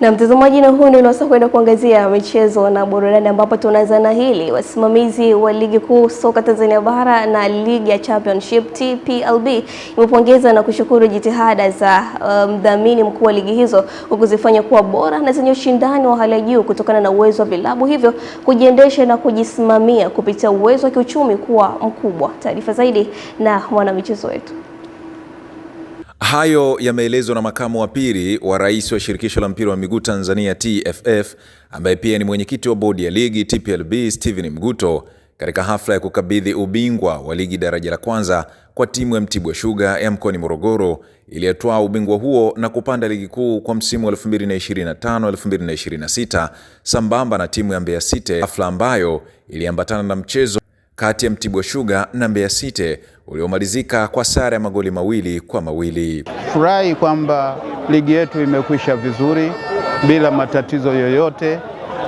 Na mtazamaji, na huu ni unaweza kwenda kuangazia michezo na burudani, ambapo tunaanza na hili. Wasimamizi wa ligi kuu soka Tanzania bara na ligi ya Championship TPLB imepongeza na kushukuru jitihada za mdhamini um, mkuu wa ligi hizo kwa kuzifanya kuwa bora na zenye ushindani wa hali ya juu kutokana na uwezo wa vilabu hivyo kujiendesha na kujisimamia kupitia uwezo wa kiuchumi kuwa mkubwa. Taarifa zaidi na mwanamichezo wetu. Hayo yameelezwa na makamu wa pili wa rais wa shirikisho la mpira wa miguu Tanzania TFF, ambaye pia ni mwenyekiti wa bodi ya ligi TPLB Steven Mguto katika hafla ya kukabidhi ubingwa wa ligi daraja la kwanza kwa timu ya Mtibwa Sugar ya mkoani Morogoro iliyotwaa ubingwa huo na kupanda ligi kuu kwa msimu wa 2025-2026 sambamba na timu ya Mbeya City, hafla ambayo iliambatana na mchezo kati ya Mtibwa Sugar na Mbeya City uliomalizika kwa sare ya magoli mawili kwa mawili. Furahi kwamba ligi yetu imekwisha vizuri bila matatizo yoyote,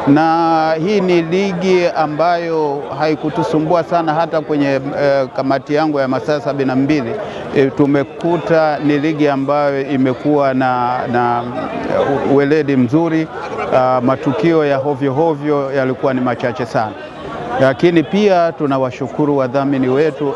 na hii ni ligi ambayo haikutusumbua sana. Hata kwenye eh, kamati yangu ya masaa sabini na mbili e, tumekuta ni ligi ambayo imekuwa na, na eh, weledi mzuri. Uh, matukio ya hovyo hovyo yalikuwa ni machache sana lakini pia tunawashukuru wadhamini wetu.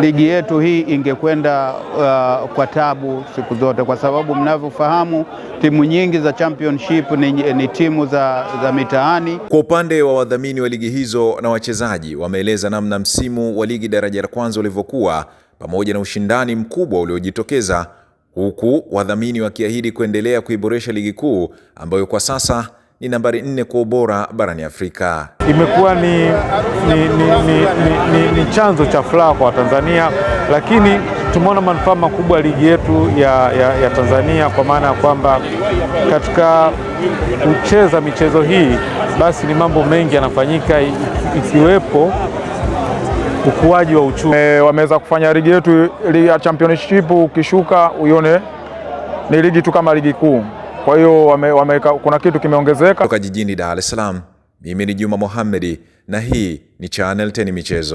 Ligi yetu hii ingekwenda uh, kwa tabu siku zote, kwa sababu mnavyofahamu timu nyingi za championship ni, ni timu za, za mitaani. Kwa upande wa wadhamini wa ligi hizo na wachezaji, wameeleza namna msimu wa ligi daraja la kwanza ulivyokuwa pamoja na ushindani mkubwa uliojitokeza, huku wadhamini wakiahidi kuendelea kuiboresha ligi kuu ambayo kwa sasa ni nambari nne kwa ubora barani Afrika. Imekuwa ni, ni, ni, ni, ni, ni, ni chanzo cha furaha kwa Watanzania, lakini tumeona manufaa makubwa ligi yetu ya, ya, ya Tanzania kwa maana ya kwamba katika kucheza michezo hii basi ni mambo mengi yanafanyika ikiwepo ukuaji wa uchumi. E, wameweza kufanya ligi yetu ya championship, ukishuka uione ni ligi tu kama ligi kuu. Kwa hiyo wame, wame, kuna kitu kimeongezeka. Kutoka jijini Dar es Salaam, mimi ni Juma Mohamedi na hii ni Channel 10 Michezo.